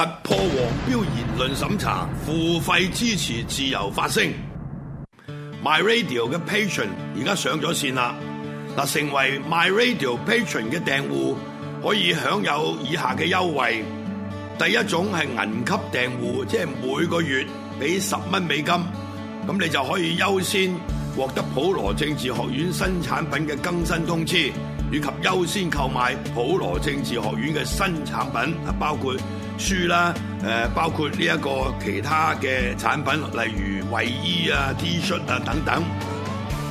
突破黃標言論審查，付費支持自由發聲。My Radio 嘅 Patreon 而家上咗線啦，嗱，成為 My Radio Patreon 嘅訂戶可以享有以下嘅優惠。第一種係銀級訂戶，即係每個月俾十蚊美金，咁你就可以優先獲得普羅政治學院新產品嘅更新通知，以及優先購買普羅政治學院嘅新產品，啊，包括。書啦，誒包括呢一個其他嘅產品，例如衞衣啊、T 恤啊等等，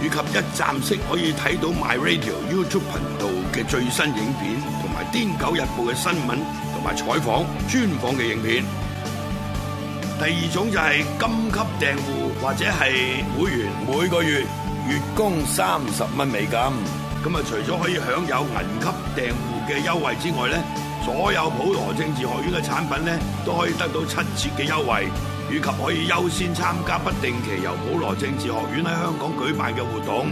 以及一站式可以睇到 My Radio YouTube 頻道嘅最新影片，同埋《癲狗日報》嘅新聞同埋採訪專訪嘅影片。第二種就係金級訂戶或者係會員，每個月月供三十蚊美金。咁啊，除咗可以享有銀級訂戶嘅優惠之外咧。所有普羅政治學院嘅產品咧，都可以得到七折嘅優惠，以及可以優先參加不定期由普羅政治學院喺香港舉辦嘅活動。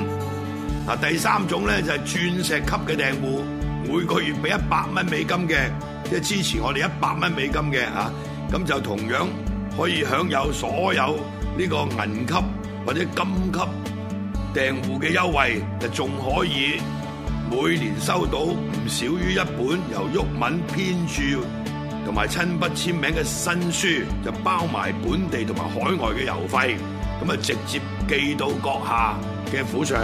嗱，第三種咧就係鑽石級嘅訂戶，每個月俾一百蚊美金嘅，即係支持我哋一百蚊美金嘅啊，咁就同樣可以享有所有呢個銀級或者金級訂戶嘅優惠，就仲可以。每年收到唔少於一本由毓民編著同埋親筆簽名嘅新書，就包埋本地同埋海外嘅郵費，咁啊直接寄到閣下嘅府上。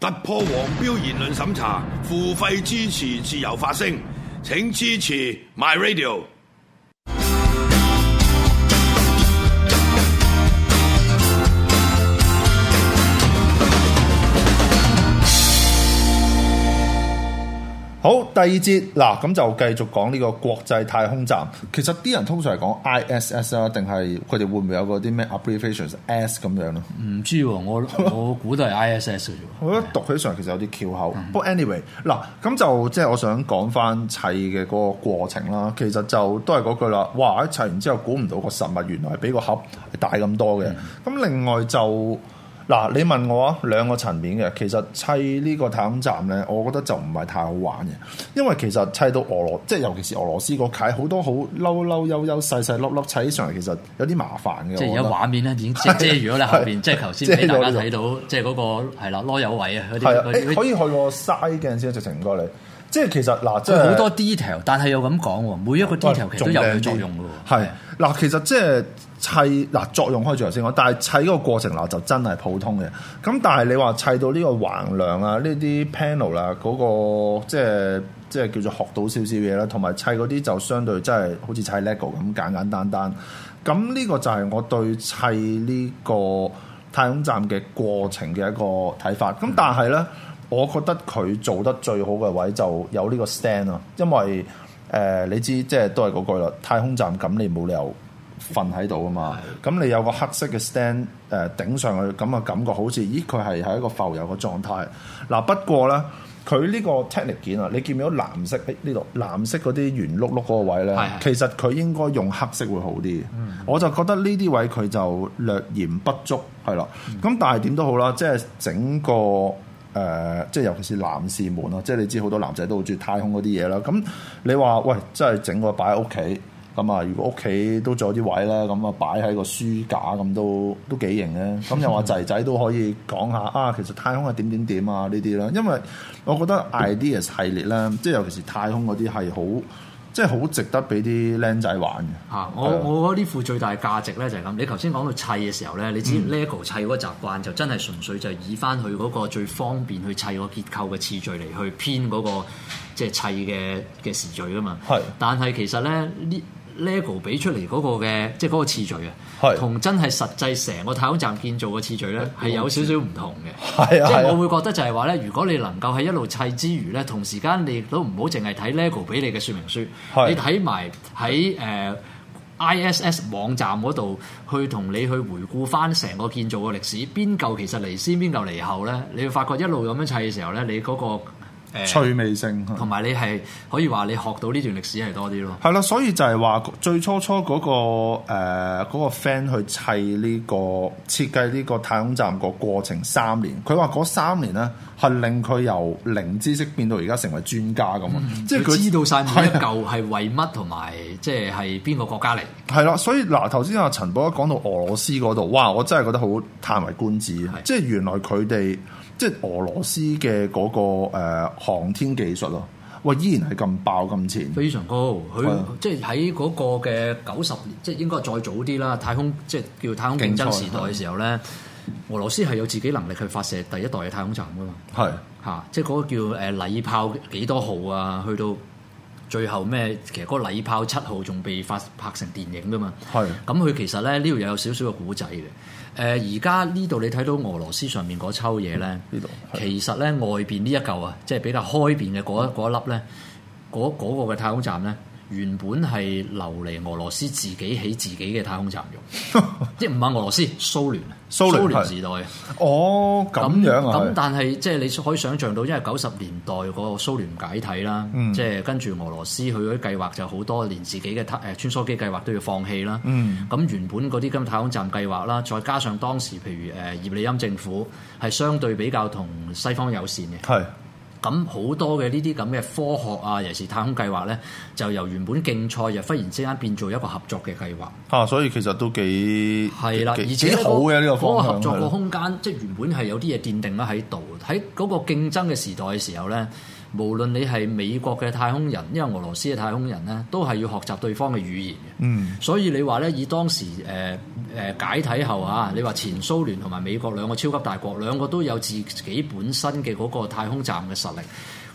突破黃標言論審查，付費支持自由發聲，請支持 My Radio。好，第二節嗱，咁就繼續講呢個國際太空站。其實啲人通常係講 ISS 啊，定係佢哋會唔會有個啲咩 applications ass 咁樣咧？唔知喎，我 我估都係 ISS。我覺得讀起上嚟其實有啲翹口。嗯、不過 anyway 嗱，咁就即係我想講翻砌嘅嗰個過程啦。其實就都係嗰句啦。哇！一砌完之後估唔到個實物原來係比個盒係大咁多嘅。咁、嗯、另外就。嗱，你問我啊，兩個層面嘅，其實砌呢個太空站咧，我覺得就唔係太好玩嘅，因為其實砌到俄羅，即係尤其是俄羅斯個界好多好嬲嬲、幽幽、細細粒粒砌上嚟，其實有啲麻煩嘅。即係而家畫面咧，已經遮 是即遮如果你後邊，即係頭先俾大家睇到，即係嗰、嗰個係啦，囉柚位啊嗰啲。係，欸、些可以去個 side 鏡先，直情唔該你。即係其實嗱，即係好多 detail，但係又咁講喎，每一個 detail 其實都有，有作用嘅。係嗱，其實即、就、係、是。砌嗱、啊、作用開住頭先講，但係砌嗰個過程嗱就真係普通嘅。咁但係你話砌到呢個橫梁啊、呢啲 panel 啦、啊、嗰、嗰個即係即係叫做學到少少嘢啦，同埋砌嗰啲就相對真係好似砌 lego 咁簡簡單單,單。咁呢個就係我對砌呢個太空站嘅過程嘅一個睇法。咁、嗯、但係咧，我覺得佢做得最好嘅位就有呢個 stand 咯，因為誒、呃、你知即係都係嗰句啦，太空站咁你冇理由。瞓喺度啊嘛，咁的你有個黑色嘅 stand 誒、呃、頂上去，咁嘅感覺好似，咦，佢係喺一個浮游嘅狀態。嗱不過咧，佢呢個 technic 件啊，你見唔見到藍色？呢度藍色嗰啲圓碌碌嗰個位咧，的其實佢應該用黑色會好啲。嗯、我就覺得呢啲位佢就略嫌不足，係啦。咁、嗯、但係點都好啦，即係整個誒、呃，即係尤其是男士們啊，即係你知好多男仔都好中意太空嗰啲嘢啦。咁你話喂，即係整個擺喺屋企。咁啊，如果屋企都仲有啲位啦，咁啊擺喺個書架咁都都幾型啊。咁又話仔仔都可以講下 啊，其實太空係點點點啊呢啲啦。因為我覺得 ideas 系列咧，即係尤其是太空嗰啲係好，即係好值得俾啲僆仔玩嘅。嚇，我我覺得呢副最大嘅價值咧就係咁。你頭先講到砌嘅時候咧，你知 LEGO 砌嗰個習慣就真係純粹就係以翻佢嗰個最方便去砌個結構嘅次序嚟去編嗰個即係砌嘅嘅時序啊嘛。係是，但係其實咧呢～LEGO 俾出嚟嗰個嘅，即係嗰個次序啊，同的真係實際成個太空站建造嘅次序咧，係有少少唔同嘅。係啊，即係我會覺得就係話咧，如果你能夠喺一路砌之餘咧，同時間你亦都唔好淨係睇 LEGO 俾你嘅說明書，的你睇埋喺誒 ISS 網站嗰度去同你去回顧翻成個建造嘅歷史，邊嚿其實嚟先，邊嚿嚟後咧，你會發覺一路咁樣砌嘅時候咧，你嗰個。趣味性，同埋、呃、是你係可以話你學到呢段歷史係多啲咯。係啦，所以就係話最初初嗰、那個誒嗰、呃那個 fan 去砌呢、這個設計呢個太空站個過程三年，佢話嗰三年咧。係令佢由零知識變到而家成為專家咁啊！即係佢知道晒，每一嚿係為乜，同埋即係係邊個國家嚟？係咯，所以嗱頭先阿陳博一講到俄羅斯嗰度，哇！我真係覺得好歎為觀止。即係的原來佢哋即係俄羅斯嘅嗰個、呃、航天技術咯，哇！依然係咁爆咁前，非常高。佢的即係喺嗰個嘅九十年，即係應該再早啲啦。太空即係叫太空競爭時代嘅時候咧。俄羅斯係有自己能力去發射第一代嘅太空站，噶嘛？係吓，即係嗰個叫誒禮炮幾多號啊？去到最後咩？其實個禮炮七號仲被發拍成電影噶嘛？係咁係、嗯，佢其實咧呢度又有少少嘅古仔嘅。誒、呃，而家呢度你睇到俄羅斯上面嗰抽嘢咧，呢度、嗯、其實咧外邊呢一嚿啊，即係比較開邊嘅嗰一粒咧，嗰嗰、嗯嗰個嘅太空站咧，原本係留嚟俄羅斯自己起自己嘅太空站用，即係唔係俄羅斯，蘇聯。蘇聯時代哦，咁樣啊，咁但係即係你可以想像到，因為九十年代嗰個蘇聯解體啦，即係、嗯、跟住俄羅斯佢嗰啲計劃就好多連自己嘅誒穿梭機計劃都要放棄啦。咁、嗯、原本嗰啲今日太空站計劃啦，再加上當時譬如誒葉利欽政府係相對比較同西方友善嘅。係。咁好多嘅呢啲咁嘅科學啊，尤其是太空計劃咧，就由原本競賽又忽然之間變做一個合作嘅計劃。啊，所以其實都幾係啦，的幾而且、嗰個、好嘅呢個方向嚟嘅。嗰個合作個空間，即係原本係有啲嘢奠定啦喺度，喺嗰個競爭嘅時代嘅時候咧。無論你係美國嘅太空人，因為俄羅斯嘅太空人咧，都係要學習對方嘅語言嘅。嗯。所以你話咧，以當時誒誒、呃呃、解體後啊，你話前蘇聯同埋美國兩個超級大國，兩個都有自己本身嘅嗰個太空站嘅實力，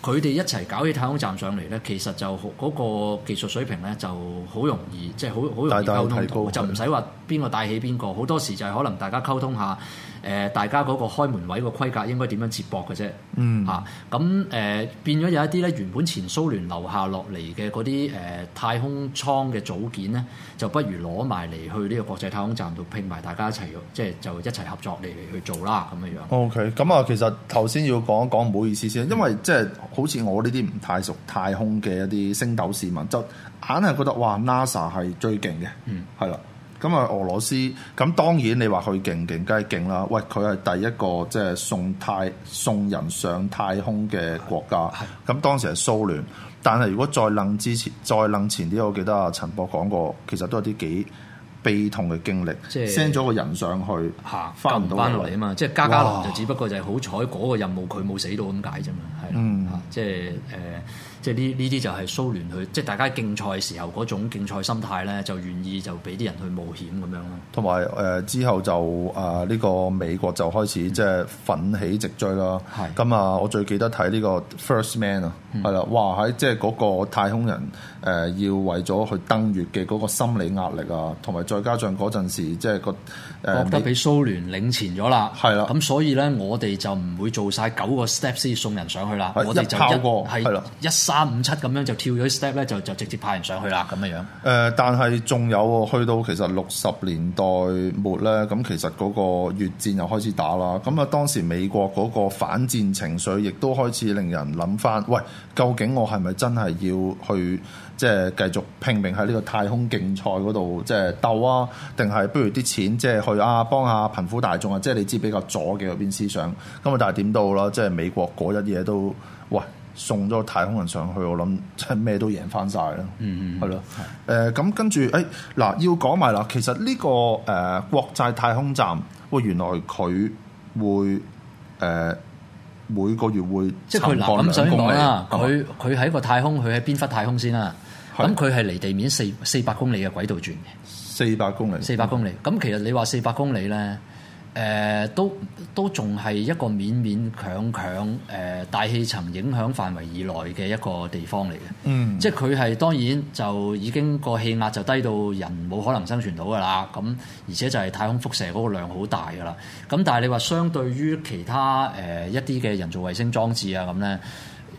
佢哋一齊搞起太空站上嚟咧，其實就嗰、那個技術水平咧就好容易，即係好好容易溝通到，大大就唔使話邊個帶起邊個，好多時就係可能大家溝通下。誒、呃，大家嗰個開門位個規格應該點樣接駁嘅啫？嗯，嚇咁誒變咗有一啲咧，原本前蘇聯留下落嚟嘅嗰啲誒太空艙嘅組件咧，就不如攞埋嚟去呢個國際太空站度拼埋大家一齊，即係就一齊合作嚟嚟去做啦咁嘅樣。OK，咁啊，其實頭先要講一講，唔好意思先，因為即係好似我呢啲唔太熟太空嘅一啲星斗市民，就硬係覺得哇，NASA 係最勁嘅，嗯，係啦。咁啊，俄羅斯咁當然你話佢勁勁梗係勁啦！喂，佢係第一個即係、就是、送太送人上太空嘅國家。咁的當時係蘇聯，但係如果再冷之前，再冷前啲，我記得阿陳博講過，其實都有啲幾悲痛嘅經歷，send 咗、就是、個人上去嚇翻唔翻嚟啊嘛，哇即係加加林就只不過就係好彩嗰個任務佢冇死到咁解啫嘛，係啦，即係誒。即係呢呢啲就係蘇聯去，即係大家競賽時候嗰種競賽心態咧，就願意就俾啲人去冒險咁樣咯。同埋誒之後就啊呢、呃呢個美國就開始、嗯、即係奮起直追啦。係咁啊！我最記得睇呢個 First Man 啊、嗯，係啦，哇喺即係嗰個太空人。誒、呃、要為咗去登月嘅嗰個心理壓力啊，同埋再加上嗰陣時，即係個、呃、覺得俾蘇聯領前咗啦，係啦的。咁所以咧，我哋就唔會做晒九個 step 先送人上去啦。的我哋就一係咯，一三五七咁樣就跳咗 step 咧，就就直接派人上去啦咁嘅樣。誒、呃，但係仲有喎，去到其實六十年代末咧，咁其實嗰個越戰又開始打啦。咁啊，當時美國嗰個反戰情緒亦都開始令人諗翻，喂，究竟我係咪真係要去？即係繼續拼命喺呢個太空競賽嗰度，即係鬥啊，定係不如啲錢，即係去啊幫下貧苦大眾啊，即係你知比較左嘅嗰邊思想。咁啊，但係點到啦？即係美國嗰一嘢都喂送咗太空人上去，我諗即係咩都贏翻晒啦。嗯嗯，係咯。誒咁跟住誒嗱，要講埋啦。其實呢個誒國際太空站，哇！原來佢會誒每個月會即係佢咁，所以講啦，佢佢喺個太空，佢喺邊忽太空先啦？咁佢係離地面四四百公里嘅軌道轉嘅，四百公里，四百公里。咁、嗯、其實你話四百公里呢，誒、呃、都都仲係一個勉勉強強誒大氣層影響範圍以內嘅一個地方嚟嘅。嗯，即係佢係當然就已經個氣壓就低到人冇可能生存到㗎啦。咁而且就係太空輻射嗰個量好大㗎啦。咁但係你話相對於其他誒、呃、一啲嘅人造衛星裝置啊咁呢。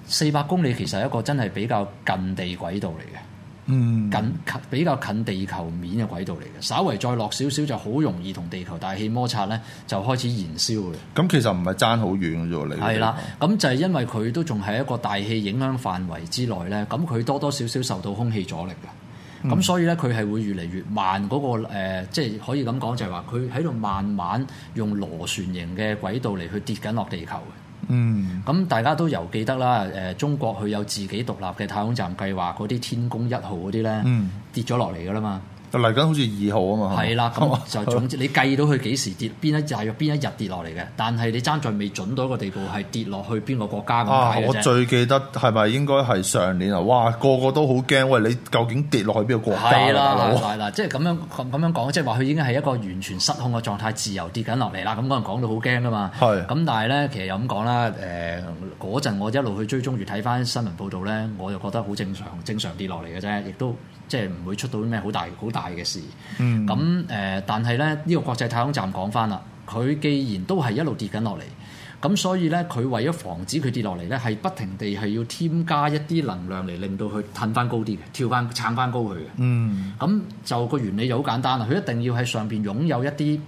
四百公里其實係一個真係比較近地軌道嚟嘅，嗯，近比較近地球面嘅軌道嚟嘅，稍微再落少少就好容易同地球大氣摩擦呢，就開始燃燒嘅。咁其實唔係爭好遠嘅啫喎，你係啦，咁、嗯、就係因為佢都仲係一個大氣影響範圍之內呢。咁佢多多少少受到空氣阻力嘅，咁、嗯、所以呢，佢係會越嚟越慢嗰、嗰個即係、呃就係、可以咁講就係話佢喺度慢慢用螺旋形嘅軌道嚟去跌緊落地球嘅。嗯，咁大家都猶記得啦，誒中國佢有自己獨立嘅太空站計劃嗰啲天宮一號嗰啲咧，跌咗落嚟㗎喇嘛。嚟緊好似二號啊嘛，係啦，咁、嗯、就吧總之你計到佢幾時跌，邊一大約邊一日跌落嚟嘅。但係你爭在未準到一個地步，係跌落去邊個國家咁大啫、啊、我最記得係咪應該係上年啊？哇！個個都好驚，喂，你究竟跌落去邊個國家？係啦，嗱，即係咁樣咁樣講，即係話佢已經係一個完全失控嘅狀態，自由跌緊落嚟啦。咁可能講到好驚噶嘛。係的。咁但係咧，其實又咁講啦，誒嗰陣我一路去追蹤住睇翻新聞報道咧，我就覺得好正常，正常跌落嚟嘅啫，亦都。即係唔會出到咩好大好大嘅事。咁誒、嗯呃，但係咧呢、呢個國際太空站講翻啦，佢既然都係一路跌緊落嚟，咁所以咧佢為咗防止佢跌落嚟咧，係不停地係要添加一啲能量嚟令到佢褪翻高啲嘅，跳翻撐翻高去嘅。咁、嗯、就個原理就好簡單啦，佢一定要喺上邊擁有一啲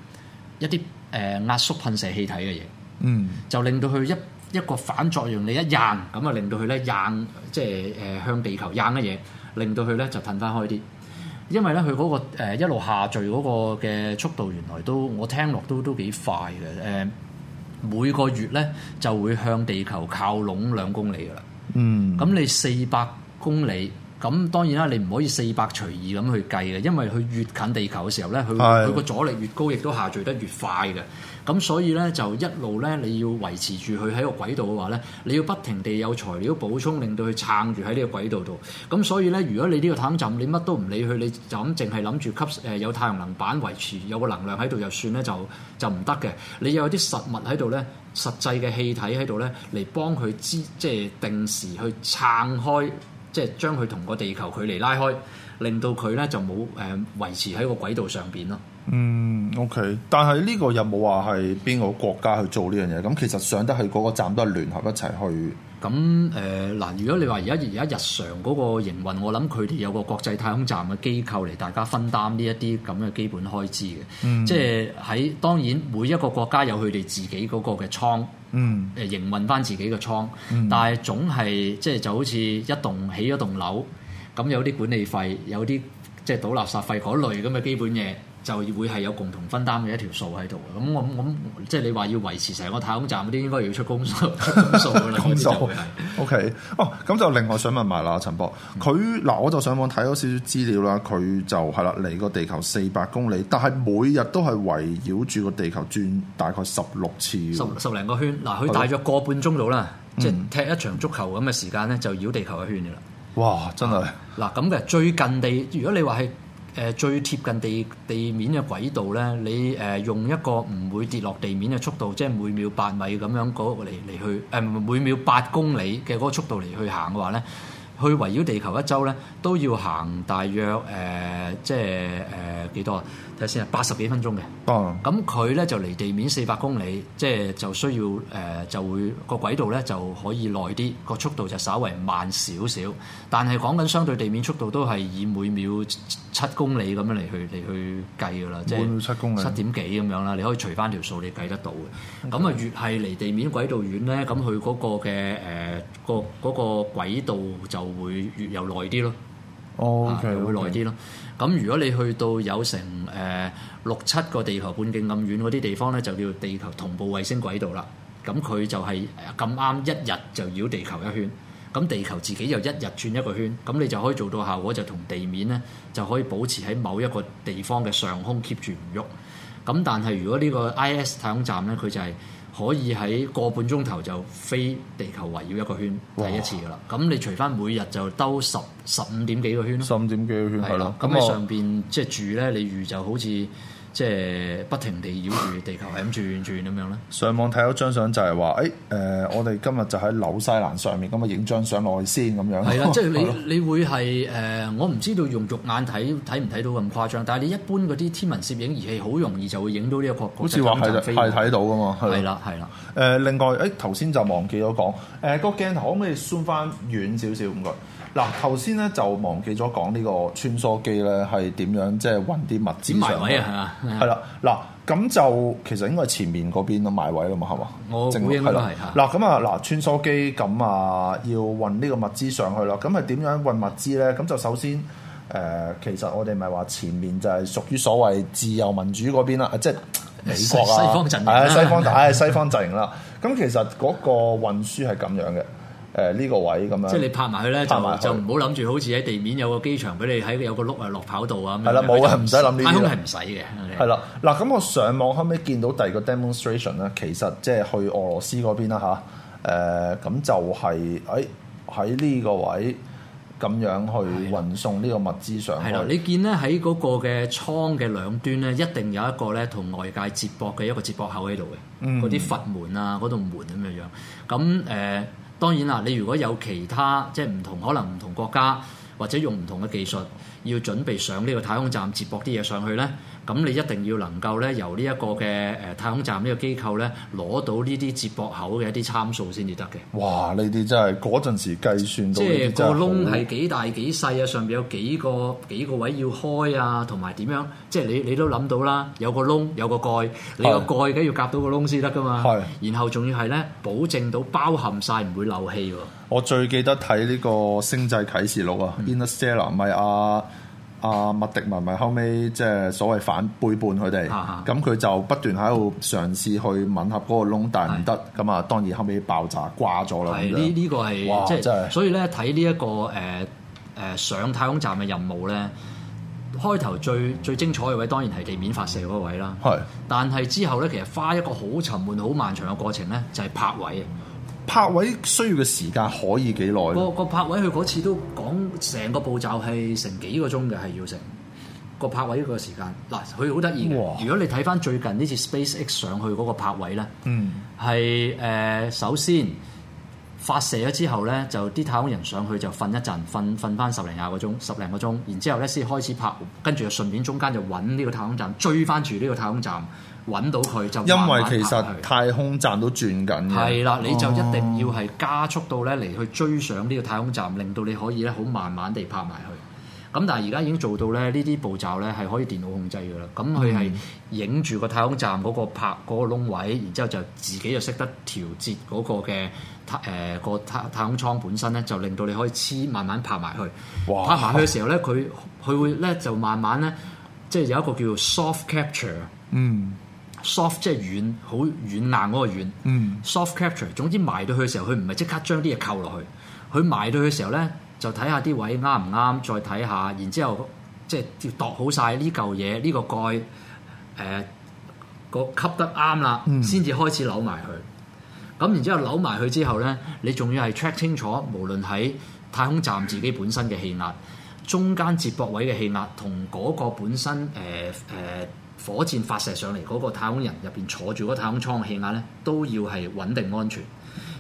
一啲誒、呃、壓縮噴射氣體嘅嘢。嗯，就令到佢一一個反作用力一掗，咁啊令到佢咧掗即係誒向地球掗嘅嘢。令到佢咧就褪翻開啲，因為咧佢嗰個、呃、一路下墜嗰個嘅速度原來都我聽落都都幾快嘅誒、呃，每個月咧就會向地球靠攏兩公里㗎啦。嗯，咁你四百公里。咁當然啦，你唔可以四百隨意咁去計嘅，因為佢越近地球嘅時候咧，佢佢個阻力越高，亦都下墜得越快嘅。咁的所以咧，就一路咧，你要維持住佢喺個軌道嘅話咧，你要不停地有材料補充，令到佢撐住喺呢個軌道度。咁所以咧，如果你呢個太空站你乜都唔理佢，你就咁淨係諗住吸誒有太陽能板維持有個能量喺度就算咧，就就唔得嘅。你有啲實物喺度咧，實際嘅氣體喺度咧，嚟幫佢支即係定時去撐開。即係將佢同個地球距離拉開，令到佢咧就冇誒、呃、維持喺個軌道上邊咯。嗯，OK，但係呢個又冇話係邊個國家去做呢樣嘢。咁、嗯、其實上得去嗰個站都係聯合一齊去。咁誒嗱，如果你話而家而家日常嗰個營運，我諗佢哋有個國際太空站嘅機構嚟大家分擔呢一啲咁嘅基本開支嘅，即係喺當然每一個國家有佢哋自己嗰個嘅倉，誒、嗯呃、營運翻自己嘅倉，嗯、但係總係即係就好似一棟起一棟樓，咁有啲管理費，有啲即係倒垃圾費嗰類咁嘅基本嘢。就會係有共同分擔嘅一條數喺度，咁我我即係你話要維持成個太空站嗰啲，應該要出公數公數噶啦，咁 司 司就 OK。哦，咁就另外想問埋啦，陳博，佢嗱、嗯、我就上網睇咗少少資料啦，佢就係啦離個地球四百公里，但係每日都係圍繞住個地球轉大概十六次，十十零個圈。嗱、啊，佢大約個半鐘度啦，即係的、嗯、踢一場足球咁嘅時間咧，就繞地球一圈噶啦。哇！真係嗱咁嘅最近地，如果你話係。誒最貼近地地面嘅軌道咧，你誒、呃、用一個唔會跌落地面嘅速度，即係每秒八米咁樣嗰個嚟嚟去，誒、呃、每秒八公里嘅嗰個速度嚟去行嘅話咧，去圍繞地球一周咧，都要行大約誒、呃、即係誒、呃、幾多？睇先，八十幾分鐘嘅，咁佢咧就離地面四百公里，即係就需要誒、呃、就會個軌道咧就可以耐啲，個速度就稍為慢少少。但係講緊相對地面速度都係以每秒七公里咁樣嚟去嚟去計㗎啦，即係每秒七公里，七點幾咁樣啦。你可以除翻條數，你計得到嘅。咁啊，越係離地面軌道遠咧，咁佢嗰個嘅誒、呃嗰個嗰、嗰個軌道就會越有耐啲咯。哦、oh，k、okay, okay. 啊、會耐啲咯。咁如果你去到有成誒六七個地球半徑咁遠嗰啲地方咧，就叫地球同步衛星軌道啦。咁佢就係咁啱一日就繞地球一圈，咁地球自己又一日轉一個圈，咁你就可以做到效果，就同地面咧就可以保持喺某一個地方嘅上空 keep 住唔喐。咁但係如果呢個 IS 太空站咧，佢就係、是。可以喺個半鐘頭就飛地球圍繞一個圈，哇第一次㗎喇。咁你除返每日就兜十十五點幾個圈咯。十五點幾個圈係啦。咁喺上邊我即係住咧，你住就好似。即係不停地繞住地球係咁轉轉咁樣咧。上網睇咗張相就係話，誒、欸，誒、呃，我哋今日就喺紐西蘭上面咁啊，影張相落嚟先咁樣。係啦，即係你你會係誒、呃，我唔知道用肉眼睇睇唔睇到咁誇張，但係你一般嗰啲天文攝影儀器好容易就會影到呢、這個確。一好似話係係睇到㗎嘛。係啦係啦。誒、啊，啊啊、另外誒，頭先就忘記咗講，誒、呃，個鏡頭可唔可以鬆翻遠少少唔該？嗱，頭先咧就忘記咗講呢個穿梭機咧係點樣，即係運啲物資上去。點埋位係、啊、嘛？係啦、啊，嗱、啊，咁就其實應該係前面嗰邊咯，埋位啊嘛，係嘛？我猜 正路都係嚇。嗱，咁啊，嗱、啊，穿梭機咁啊，要運呢個物資上去啦。咁係點樣運物資咧？咁就首先，誒、呃，其實我哋咪話前面就係屬於所謂自由民主嗰邊啦，即、啊、係、就是、美國啊，係啊，啊，啊，西方打係、啊啊、西方陣營啦、啊。咁、啊、其實嗰個運輸係咁樣嘅。誒，呢個位咁樣，即係你拍埋佢咧，就就唔好諗住好似喺地面有個機場俾你喺有個碌啊落跑道啊。係啦，冇嘅，唔使諗呢個。太空係唔使嘅。係啦，嗱，咁我上網可唔可以見到第二個 demonstration 咧？其實即係去俄羅斯嗰邊啦吓，誒咁就係喺喺呢個位咁樣去運送呢個物資上去。係啦，你見咧喺嗰個嘅倉嘅兩端咧，一定有一個咧同外界接駁嘅一個接駁口喺度嘅。嗰啲佛門啊，嗰度門咁嘅樣。咁誒。當然啦，你如果有其他即係唔同，可能唔同國家或者用唔同嘅技術，要準備上呢個太空站接駁啲嘢上去咧。咁你一定要能夠咧由呢一個嘅誒太空站呢個機構咧攞到呢啲接駁口嘅一啲參數先至得嘅。哇！呢啲真係嗰陣時計算到呢即係、個窿係幾大幾細啊？上邊有幾個幾個位要開啊？同埋點樣？即係你你都諗到啦。有個窿有個蓋，你個蓋梗要夾到個窿先得噶嘛。係的。然後仲要係咧保證到包含晒唔會漏氣喎、啊。我最記得睇呢個《星際啟示錄》啊，嗯《Interstellar 咪阿。啊，麥迪文咪後尾即係所謂反背叛佢哋，咁佢、啊、就不斷喺度嘗試去吻合嗰個窿，啊、但係唔得，咁啊是當然後尾爆炸掛咗啦。呢呢個係即係是所以咧睇呢一、這個誒誒、呃呃、上太空站嘅任務咧，開頭最最精彩嘅位當然係地面發射嗰位啦，係是但係之後咧其實花一個好沉悶好漫長嘅過程咧，就係、是、泊位。拍位需要嘅時間可以幾耐？個個拍位佢嗰次都講成個步驟係成幾個鐘嘅，係要成個拍，哇個拍位呢個時間。嗱，佢好得意嘅。如果你睇翻最近呢次 SpaceX 上去嗰個拍位咧，嗯，係誒、呃、首先發射咗之後咧，就啲太空人上去就瞓一陣，瞓瞓翻十零廿個鐘，十零個鐘，然之後咧先開始拍，跟住就順便中間就揾呢個太空站追翻住呢個太空站。揾到佢就慢慢拍佢。因為其實太空站都轉緊嘅。係啦，你就一定要係加速到咧嚟去追上呢個太空站，哦、令到你可以咧好慢慢地拍埋去。咁但係而家已經做到咧呢啲步驟咧係可以電腦控制㗎啦。咁佢係影住個太空站嗰個拍嗰個窿位，然之後就自己就識得調節嗰個嘅太誒個太太空艙本身咧，就令到你可以黐慢慢拍埋去。哇拍埋去嘅時候咧，佢佢、哦、會咧就慢慢咧，即、就、係、是、有一個叫做 soft capture。嗯。soft 即係軟，好軟硬嗰個軟。Mm. soft capture，總之埋到去嘅時候，佢唔係即刻將啲嘢扣落去。佢埋到去嘅時候咧，就睇下啲位啱唔啱，再睇下，然之後即係要度好晒呢嚿嘢，呢、呢個蓋誒、呃呃嗰個吸得啱啦，先至開始扭埋佢。咁、mm. 然之後扭埋佢之後咧，你仲要係 check 清楚，無論喺太空站自己本身嘅氣壓，中間接駁位嘅氣壓，同嗰個本身誒誒。呃呃火箭發射上嚟嗰個太空人入邊坐住嗰太空艙嘅氣壓咧，都要係穩定安全。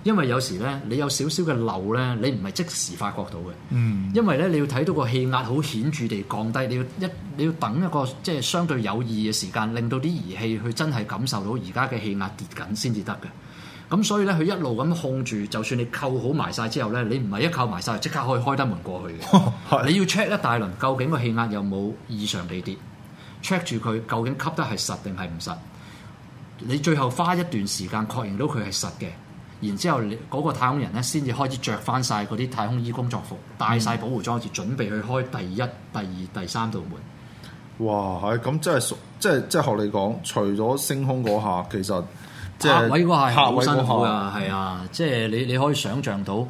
因為有時咧，你有少少嘅漏咧，你唔係即時發覺到嘅。嗯。因為咧，你要睇到個氣壓好顯著地降低，你要一，你要等一個即係相對有意義嘅時間，令到啲儀器去真係感受到而家嘅氣壓跌緊先至得嘅。咁所以咧，佢一路咁控住，就算你扣好埋晒之後咧，你唔係一扣埋晒，即刻可以開得門過去嘅。 你要 check 一大輪，究竟個氣壓有冇異常地跌。check 住佢究竟吸得係實定係唔實，你最後花一段時間確認到佢係實嘅，然之後你嗰個太空人咧先至開始着翻晒嗰啲太空衣工作服，戴晒保護裝置，準備去開第一、第二、第三道門。哇！係、啊、咁，真係熟，即係即係學你講，除咗升空嗰下，其實泊、即係、位嗰下係好辛苦、嗯、啊，係啊，即係你你可以想象到。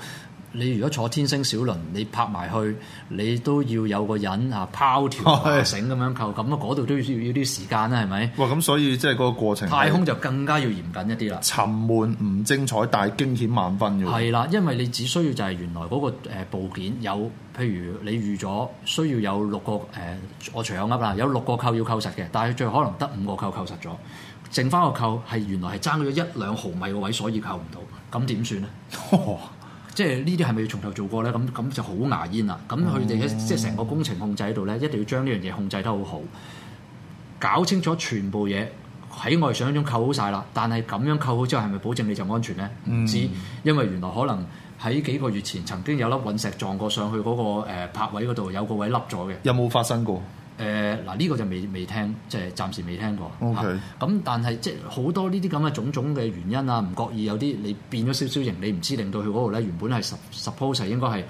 你如果坐天星小輪，你泊埋去，你都要有個人啊拋條繩、啊、咁是樣扣，咁啊嗰度都要要啲時間啦，係咪？哇！咁所以即係嗰個過程，太空就更加要嚴謹一啲啦。沉悶唔精彩，但係驚險萬分嘅。係啦，因為你只需要就係原來嗰、那個、呃、部件有，譬如你預咗需要有六個誒、呃，我除咗噏啦，有六個扣要扣實嘅，但係最後可能得五個扣扣實咗，剩翻個扣係原來係爭咗一兩毫米個位，所以扣唔到，咁點算咧？ 即係呢啲係咪要從頭做過呢？咁咁就好牙煙啦。咁佢哋即係成個工程控制喺度呢，一定要將呢樣嘢控制得好好，搞清楚全部嘢喺我哋想象中扣好晒啦。但係咁樣扣好之後，係咪保證你就安全呢？唔知、嗯，因為原來可能喺幾個月前曾經有粒隕石撞過上去嗰、嗰個、呃、泊位嗰度，有個位凹咗嘅。有冇發生過？誒嗱呢個就未未聽，即係暫時未聽過。OK，咁、啊、但係即係好多呢啲咁嘅種種嘅原因啊，唔覺意有啲你變咗少少形，你唔知令到佢嗰度咧，原本係 suppose 應該係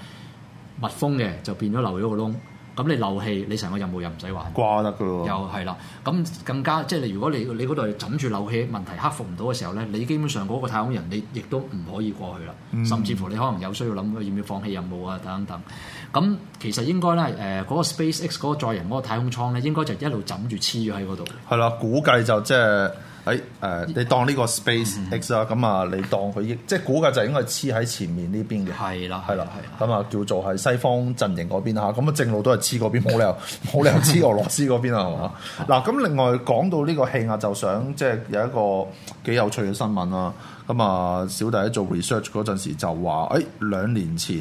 密封嘅，就變咗留咗個窿。咁你漏氣，你成個任務又唔使玩，掛得噶咯。又係啦，咁更加即係你，如果你你嗰度枕住漏氣問題克服唔到嘅時候咧，你基本上嗰個太空人你亦都唔可以過去啦。嗯、甚至乎你可能有需要諗要唔要放棄任務啊等等。咁其實應該咧，誒、呃、嗰、嗰個 SpaceX 嗰個載人嗰個太空艙咧，應該就一路枕住黐咗喺嗰度。係啦，估計就即、係、係。喺誒、哎呃，你當呢個 SpaceX 啊、嗯，咁啊，你當佢應即係估計就應該黐喺前面呢邊嘅，係啦的，係啦的，係。咁啊，叫做係西方陣營嗰邊嚇，咁啊正路都係黐嗰邊，冇理由冇 理由黐俄羅斯嗰邊啊，係嘛？嗱，咁另外講到呢個氣壓，就想即係、就是、有一個幾有趣嘅新聞啦。咁啊，小弟喺做 research 嗰陣時就話，誒、哎、兩年前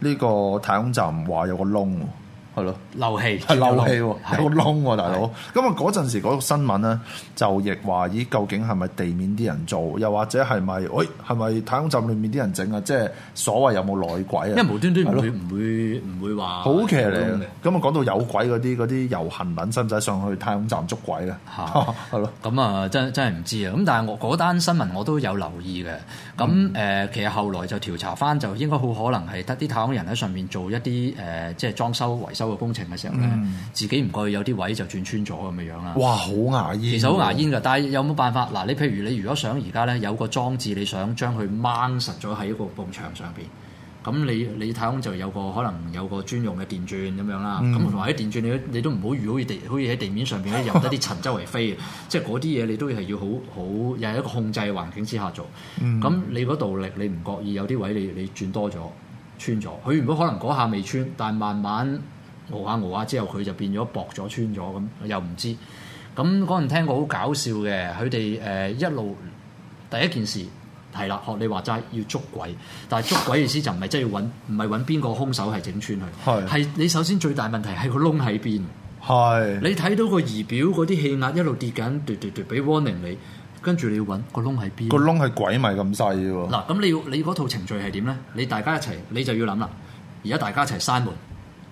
呢、這個太空站話有個窿。係咯，漏氣，漏氣，係個窿喎，大佬。咁啊，嗰陣時嗰個新聞咧，就亦話咦，究竟係咪地面啲人做，又或者係咪，誒、哎，係咪太空站裏面啲人整啊？即係所謂有冇內鬼啊？因為無端端唔會唔的會話好奇嚟。咁啊，講到有鬼嗰啲嗰啲遊行人士，使唔使上去太空站捉鬼的啊？吓，係咯。咁啊，真真係唔知啊。咁但係我嗰、那個、單新聞我都有留意嘅。咁誒、呃，其實後來就調查翻，就應該好可能係得啲太空人喺上面做一啲誒、呃，即係裝修維修。個工程嘅時候咧，嗯、自己唔覺意有啲位就轉穿咗咁嘅樣啦。哇，好牙煙！其實好牙煙噶，但係有冇辦法？嗱，你譬如你如果想而家咧有個裝置，你想將佢掹實咗喺一個埲牆上邊，咁你你太空就有個可能有個專用嘅電鑽咁樣啦。咁同埋啲電鑽，你都你都唔好如好似地，好似喺地面上邊咧入得啲塵周圍飛嘅。 即係嗰啲嘢，你都係要好好，又係一個控制環境之下做。咁、嗯、你嗰度力你你，你唔覺意有啲位，你你轉多咗，穿咗。佢如果可能嗰下未穿，但慢慢。熬下熬下之後，佢就變咗薄咗穿咗咁，又唔知。咁嗰陣聽過好搞笑嘅，佢哋誒一路第一件事係啦，學你話齋要捉鬼，但係捉鬼意思就唔係真係要揾，唔係揾邊個兇手係整穿佢。係是，係你首先最大問題係個窿喺邊。係是，你睇到個儀表嗰啲氣壓一路跌緊，嘟嘟嘟俾 warning 你，跟住你要揾個窿喺邊。個窿係鬼咪咁細喎。嗱，咁你要你嗰套程序係點咧？你大家一齊，你就要諗啦。而家大家一齊閂門。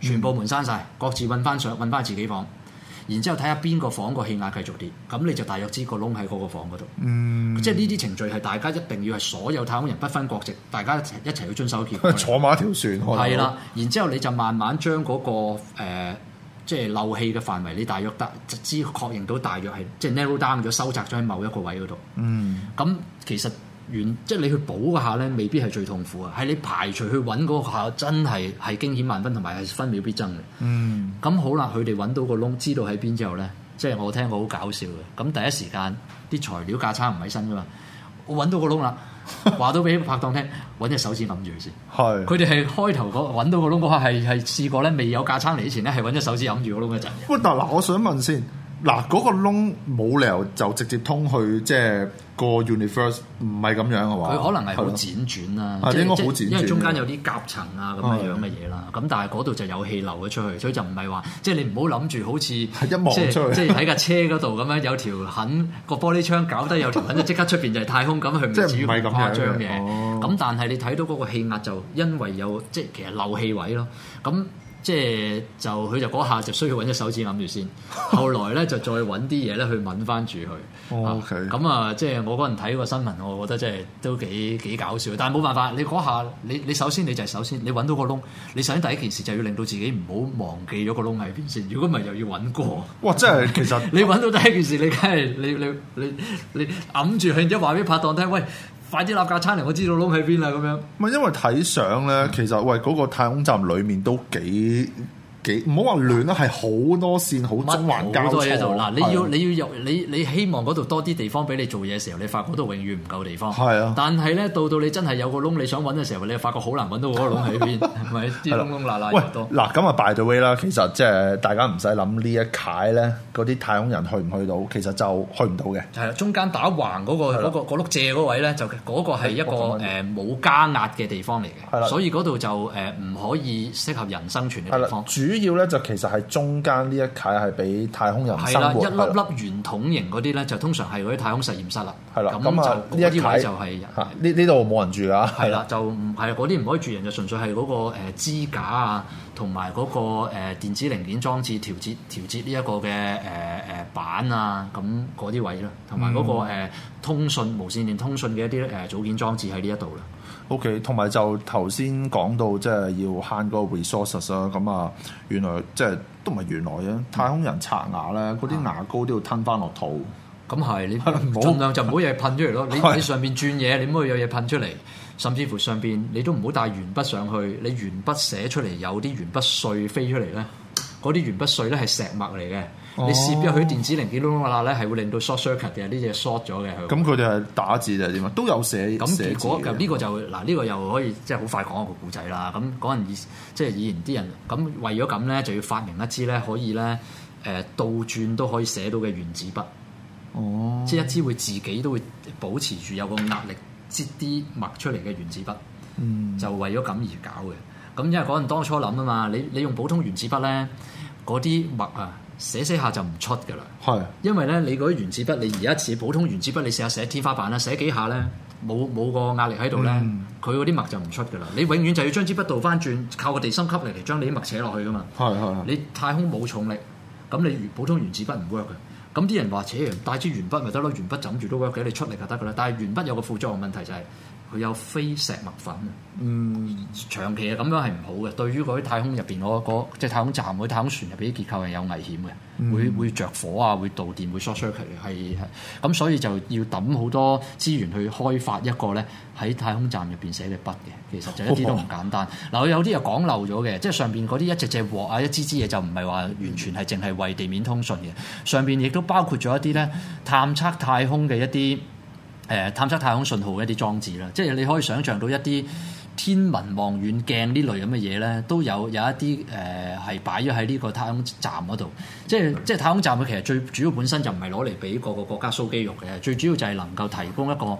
全部門閂晒，各自揾翻上，揾翻自己房，然之後睇下邊個房個氣壓繼續跌，咁你就大約知個窿喺嗰個房嗰度。嗯，即係呢啲程序係大家一定要係所有太空人不分國籍，大家一一齊去遵守協議。坐埋條船可係啦，吧嗯、然之後你就慢慢將嗰、嗰個即係、呃即係、漏氣嘅範圍，你大約得只知確認到大約係即係 narrow down 咗收窄咗喺某一個位度。嗯，咁其實。原即係你去補下咧，未必係最痛苦啊！係你排除去揾嗰下，真係係驚險萬分同埋係分秒必爭嘅。嗯，咁好啦，佢哋揾到個窿，知道喺邊之後咧，即係我聽過好搞笑嘅。咁第一時間啲材料架撐唔喺身噶嘛，我揾到個窿啦，話到俾拍檔聽，揾隻 手指揞住佢先。係是的，佢哋係開頭嗰揾到個窿嗰下係係試過咧，未有架撐嚟之前咧係揾隻手指揞住個窿嗰陣。哇！嗱，我想問先。嗱，嗰、那個窿冇理由就直接通去即係個 universe，唔係咁樣嘅話，佢可能係好輾轉啦，啊的是應該好輾轉，因為中間有啲夾層啊咁、嗯、樣樣嘅嘢啦。咁但係嗰度就有氣流咗出去，所以就唔係話即係你唔好諗住好似一望出去，即係喺架車嗰度咁樣有條痕，個 玻璃窗搞得有條痕，即刻出邊就係太空咁，佢唔即係咁誇張嘅？咁、嗯、但係你睇到嗰個氣壓就因為有即係其實漏氣位咯，咁。即係就佢就嗰下就需要揾隻手指揞住先，後來咧就再揾啲嘢咧去揾翻住佢。OK，咁啊，即係我嗰陣睇個新聞，我覺得真係都幾幾搞笑。但係冇辦法，你嗰下你你首先你就係首先你揾到個窿，你首先第一件事就要令到自己唔好忘記咗個窿喺邊先。如果唔係又要揾過。哇！真係其實 你揾到第一件事，你梗係你你你你揞住佢，然之後話俾拍檔聽，喂。快啲立架餐嚟，我知道窿喺邊啦咁樣。唔係因為睇相咧，其實喂嗰個太空站裏面都幾。唔好話亂啦，係、啊、好多線，好多環交咗喺度。嗱、啊，你要、啊、你要有你你希望嗰度多啲地方俾你做嘢嘅時候，你發覺都永遠唔夠地方。係啊。但係咧，到到你真係有個窿你想揾嘅時候，你又發覺好難揾到嗰個窿喺邊，係咪啲窿窿罅罅越多嗱，咁啊，啊，by the way 啦，其實即係大家唔使諗呢一屆咧，嗰啲太空人去唔去到，其實就去唔到嘅。係啦、啊，中間打橫嗰、嗰個碌、啊嗰個嗰個借嗰位咧，就、嗰、嗰個係一個誒冇加壓嘅地方嚟嘅，啊、所以嗰度就誒唔可以適合人生存嘅地方。啊、主主要咧就其實係中間呢一塊係俾太空人生活係啦，一粒粒圓筒形嗰啲咧就通常係嗰啲太空實驗室啦。係啦的，咁就呢一位就人、啊人，就係呢呢度冇人住啦。係啦，就唔係嗰啲唔可以住人，就純粹係嗰、那個支架、呃、啊，同埋嗰個誒、呃、電子零件裝置調節調節呢一個嘅誒誒板啊，咁嗰啲位啦，同埋嗰個、呃嗯、通訊無線電通訊嘅一啲誒、呃、組件裝置喺呢一度啦。OK，同埋就頭先講到即係要慳個 resources 啦、啊，咁啊原來即係都唔係原來嘅太空人刷牙咧，嗰啲牙膏都要吞翻落肚。咁係、嗯嗯、你盡量就唔好嘢噴出嚟咯。 你你上邊轉嘢，你唔好有嘢噴出嚟。 甚至乎上邊你都唔好帶鉛筆上去。你鉛筆寫出嚟有啲鉛筆碎飛出嚟咧，嗰啲鉛筆碎咧係石墨嚟嘅。哦、你攝入佢電子零件窿窿㗎啦咧，係會令到 short circuit 嘅呢隻 short 咗嘅。咁佢哋係打字定係點啊？都有寫寫字。咁結果呢個就嗱呢、呢個又可以即係好快講一個故仔啦。咁嗰陣以即係、就係、以前啲人咁為咗咁咧，就要發明一支咧可以咧誒、呃、倒轉都可以寫到嘅原子筆。哦，即係一支會自己都會保持住有個壓力擠啲墨出嚟嘅原子筆。嗯、就為咗咁而搞嘅。咁因為嗰陣當初諗啊嘛，你你用普通原子筆咧，嗰啲墨啊～寫寫下就唔出㗎啦，是的 因為咧你嗰啲原子筆，你而家似普通原子筆，你試下寫天花板啦，寫幾下咧冇冇個壓力喺度咧，佢嗰啲墨就唔出㗎啦。你永遠就要將支筆倒翻轉，靠個地心吸力嚟將你啲墨扯落去㗎嘛。係係。你太空冇重力，咁你如普通原子筆唔 work 㗎，咁啲人話扯完帶支鉛筆咪得咯，鉛筆枕住都 work 嘅，你出嚟就得㗎啦。但係鉛筆有個副作用問題就係、是。佢有非石墨粉，嗯，長期係咁樣係唔好嘅。對於嗰啲太空入邊，我嗰即係太空站、嗰太空船入邊啲結構係有危險嘅，會會着火啊，會導電，會 short circuit 係係。咁所以就要揼好多資源去開發一個咧喺太空站入邊寫嘅筆嘅，其實就一啲都唔簡單。嗱，有啲又講漏咗嘅，即係上邊嗰啲一隻隻鑊啊，一支支嘢就唔係話完全係淨係為地面通訊嘅。上邊亦都包括咗一啲咧探測太空嘅一啲。誒探測太空信號嘅一啲裝置啦，即係你可以想像到一啲天文望遠鏡呢類咁嘅嘢咧，都有有一啲誒係擺咗喺呢個太空站嗰度。即係是的 即係太空站嘅，其實最主要本身就唔係攞嚟俾各個國家秀肌肉嘅，最主要就係能夠提供一個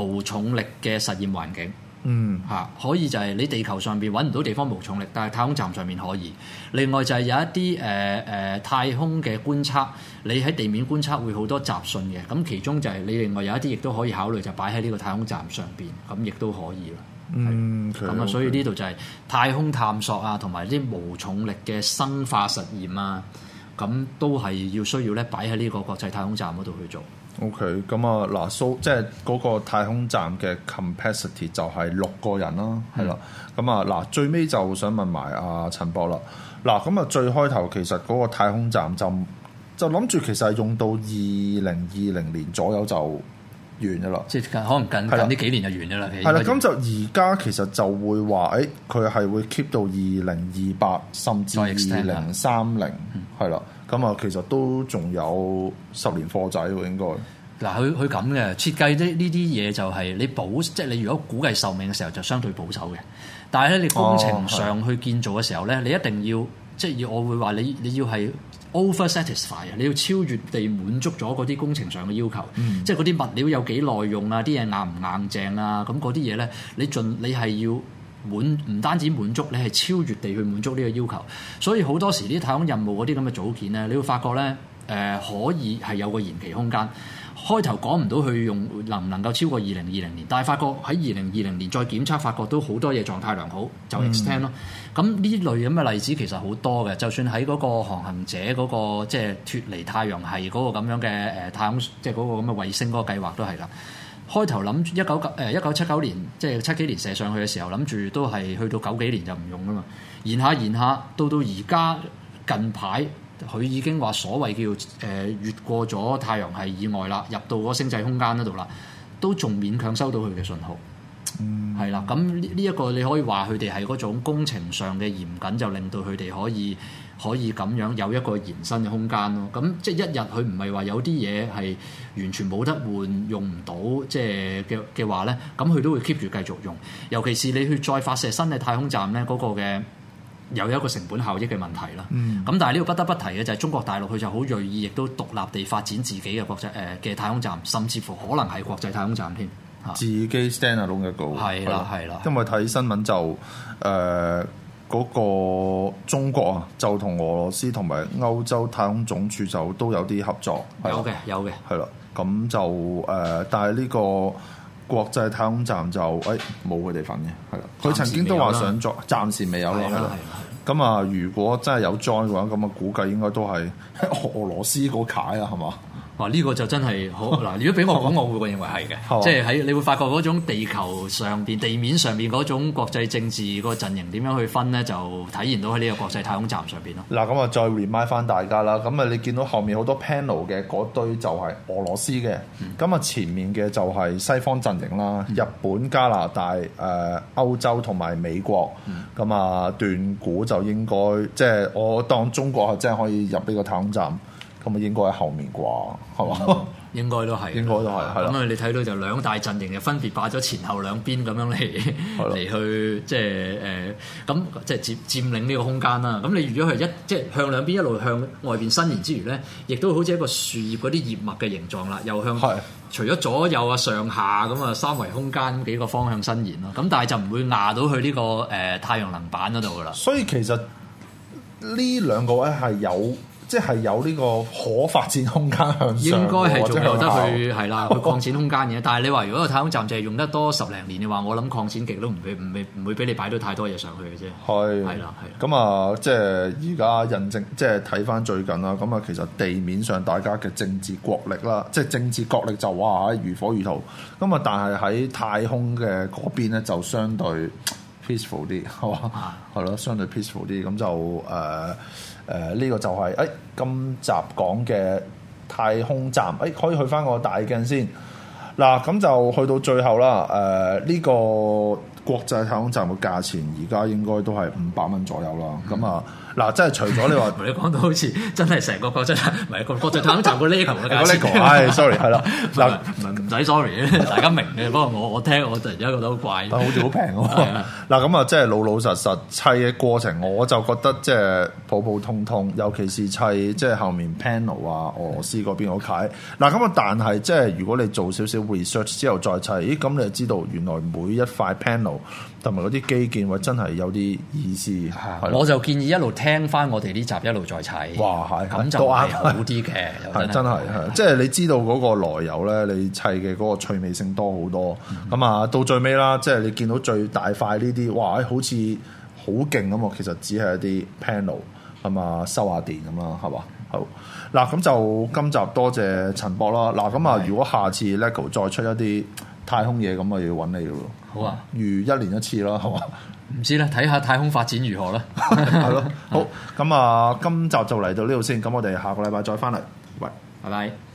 無重力嘅實驗環境。嗯嚇，可以就係你地球上邊揾唔到地方無重力，但係太空站上面可以。另外就係有一啲誒誒太空嘅觀察，你喺地面觀察會好多雜訊嘅。咁其中就係你另外有一啲亦都可以考慮，就擺喺呢個太空站上邊，咁亦都可以啦。嗯，係啊是。嗯、所以呢度、嗯、就係太空探索啊，同埋啲無重力嘅生化實驗啊，咁都係要需要咧擺喺呢個國際太空站嗰度去做。O.K. 咁啊，嗱，蘇即係嗰個太空站嘅 capacity 就係六個人啦，係啦、mm。咁、hmm. 啊，嗱，最尾就想問埋阿、啊、陳博啦。嗱，咁啊，最開頭其實嗰個太空站就就諗住其實係用到二零二零年左右就完嘅啦。即係可能近近呢幾年就完咗啦。係啦的，咁就而家其實就會話誒，佢、欸、係會 keep 到二零二八甚至二零三零，係、嗯、啦。咁啊，其實都仲有十年貨仔喎，應該。嗱，佢佢咁嘅設計啲呢啲嘢就係你保，即係你如果估計壽命嘅時候就相對保守嘅。但係咧，你工程上去建造嘅時候咧，哦、你一定要即係要，我會話你你要係 over satisfy，啊，你要超越地滿足咗嗰啲工程上嘅要求。嗯、即係嗰啲物料有幾耐用啊？啲嘢硬唔硬淨啊？咁嗰啲嘢咧，你盡你係要。滿唔單止滿足，你係超越地去滿足呢個要求，所以好多時啲太空任務嗰啲咁嘅組件咧，你會發覺咧，誒、呃、可以係有個延期空間。開頭講唔到去用，能唔能夠超過二零二零年？但係發覺喺二零二零年再檢測，發覺都好多嘢狀態良好，就 extend 咯。咁呢、嗯、類咁嘅例子其實好多嘅，就算喺嗰個航行者嗰個即係脱離太陽系嗰個咁樣嘅誒、呃、太空，即係嗰個咁嘅衛星嗰個計劃都係啦。開頭諗住一九九誒一九七九年，即係七幾年射上去嘅時候，諗住都係去到九幾年就唔用噶嘛。然下然下，到到而家近排，佢已經話所謂叫誒、呃、越過咗太陽系以外啦，入到嗰星際空間嗰度啦，都仲勉強收到佢嘅信號。嗯，係啦。咁呢一個你可以話佢哋係嗰種工程上嘅嚴謹，就令到佢哋可以。可以咁樣有一個延伸嘅空間咯，咁、嗯、即係一日佢唔係話有啲嘢係完全冇得換用唔到，即係嘅嘅話咧，咁佢都會 keep 住繼續用。尤其是你去再發射新嘅太空站咧，嗰、那個嘅有一個成本效益嘅問題啦。咁、嗯、但係呢個不得不提嘅就係中國大陸佢就好銳意，亦都獨立地發展自己嘅國際誒嘅、呃、太空站，甚至乎可能係國際太空站添嚇。啊、自己 stand alone 嘅高，係啦，係啦。的因為睇新聞就誒。呃嗰個中國啊，就同俄羅斯同埋歐洲太空總署就都有啲合作。有嘅，有嘅。係啦，咁就誒、呃，但係呢個國際太空站就誒冇佢哋份嘅。係、欸、啦，佢曾經都話想 join，暫時未有咯。係啦，咁啊，如果真係有 join 嘅話，咁啊，估計應該都係 俄羅斯個界啦、啊，係嘛？哇！呢、這個就真係好嗱，如果俾我講， 我會認為係嘅， 即係喺你會發覺嗰種地球上邊地面上邊嗰種國際政治個陣營點樣去分咧，就體現到喺呢個國際太空站上邊咯。嗱，咁啊再 remind 翻大家啦，咁啊你見到後面好多 panel 嘅嗰堆就係俄羅斯嘅，咁啊、嗯、前面嘅就係西方陣營啦，嗯、日本、加拿大、誒、呃、歐洲同埋美國，咁啊斷估就應該即係、就是、我當中國係真係可以入呢個太空站。咁啊，應該喺後面啩，係嘛？應該都係， 應該都係，係啦。咁啊，你睇到就兩大陣營就分別擺咗前後兩邊咁樣嚟嚟對了 去，即係誒，咁、呃、即係佔佔領呢個空間啦。咁你如果係一即係向兩邊一路向外邊伸延之餘咧，亦都好似一個樹葉嗰啲葉脈嘅形狀啦，又向是的 除咗左右啊、上下咁啊三維空間幾個方向伸延咯。咁但係就唔會壓到佢呢、這個誒、呃、太陽能板嗰度噶啦。所以其實呢兩個位係有。即係有呢個可發展空間向上，或者話有得去係啦，擴展空間嘅。 但係你話如果個太空站淨係用得多十零年嘅話，我諗擴展極都唔俾唔會唔會俾你擺到太多嘢上去嘅啫。係係啦，係。咁啊，即係而家印證，即係睇翻最近啦。咁啊，其實地面上大家嘅政治國力啦，即係政治角力，就哇如火如荼。咁啊，但係喺太空嘅嗰邊咧就相對 peaceful 啲，係嘛？咯、啊， 相對 peaceful 啲。咁就誒。呃誒呢、呃這個就係、是、誒、欸、今集講嘅太空站，誒、欸、可以去翻個大鏡先。嗱，咁就去到最後啦。誒、呃、呢、這個國際太空站嘅價錢而家應該都係五百蚊左右啦。咁、嗯、啊～嗱，即係除咗你話，你講到好似真係成個國際，唔係個國際太空站個 level 嘅價錢唉，sorry，係啦，嗱，唔使 sorry，大家明嘅。不過我我聽我突然間覺得好怪。但好似好平。嗱，咁啊，即係老老實實砌嘅過程，我就覺得即係普普通通。尤其是砌即係後面 panel 啊，俄羅斯嗰邊嗰啲。嗱，咁啊，但係即係如果你做少少 research 之後再砌，咦，咁你就知道原來每一塊 panel 同埋嗰啲基建，或真係有啲意思。我就建議一路。聽翻我哋呢集一路再砌，哇，咁就係好啲嘅，真係，即係你知道嗰個來由咧，你砌嘅嗰個趣味性多好多。咁啊、嗯，到最尾啦，即係你見到最大塊呢啲，哇，好似好勁咁啊，其實只係一啲 panel，係嘛，收下電咁啦，係嘛，好。嗱，咁就今集多謝陳博啦。嗱，咁啊，如果下次 Lego 再出一啲太空嘢，咁啊要揾你咯。好啊，預一年一次啦，係嘛。唔知咧，睇下太空發展如何啦。係咯， 好，咁啊，今集就嚟到呢度先，咁 我哋下個禮拜再返嚟。喂，拜拜。拜拜。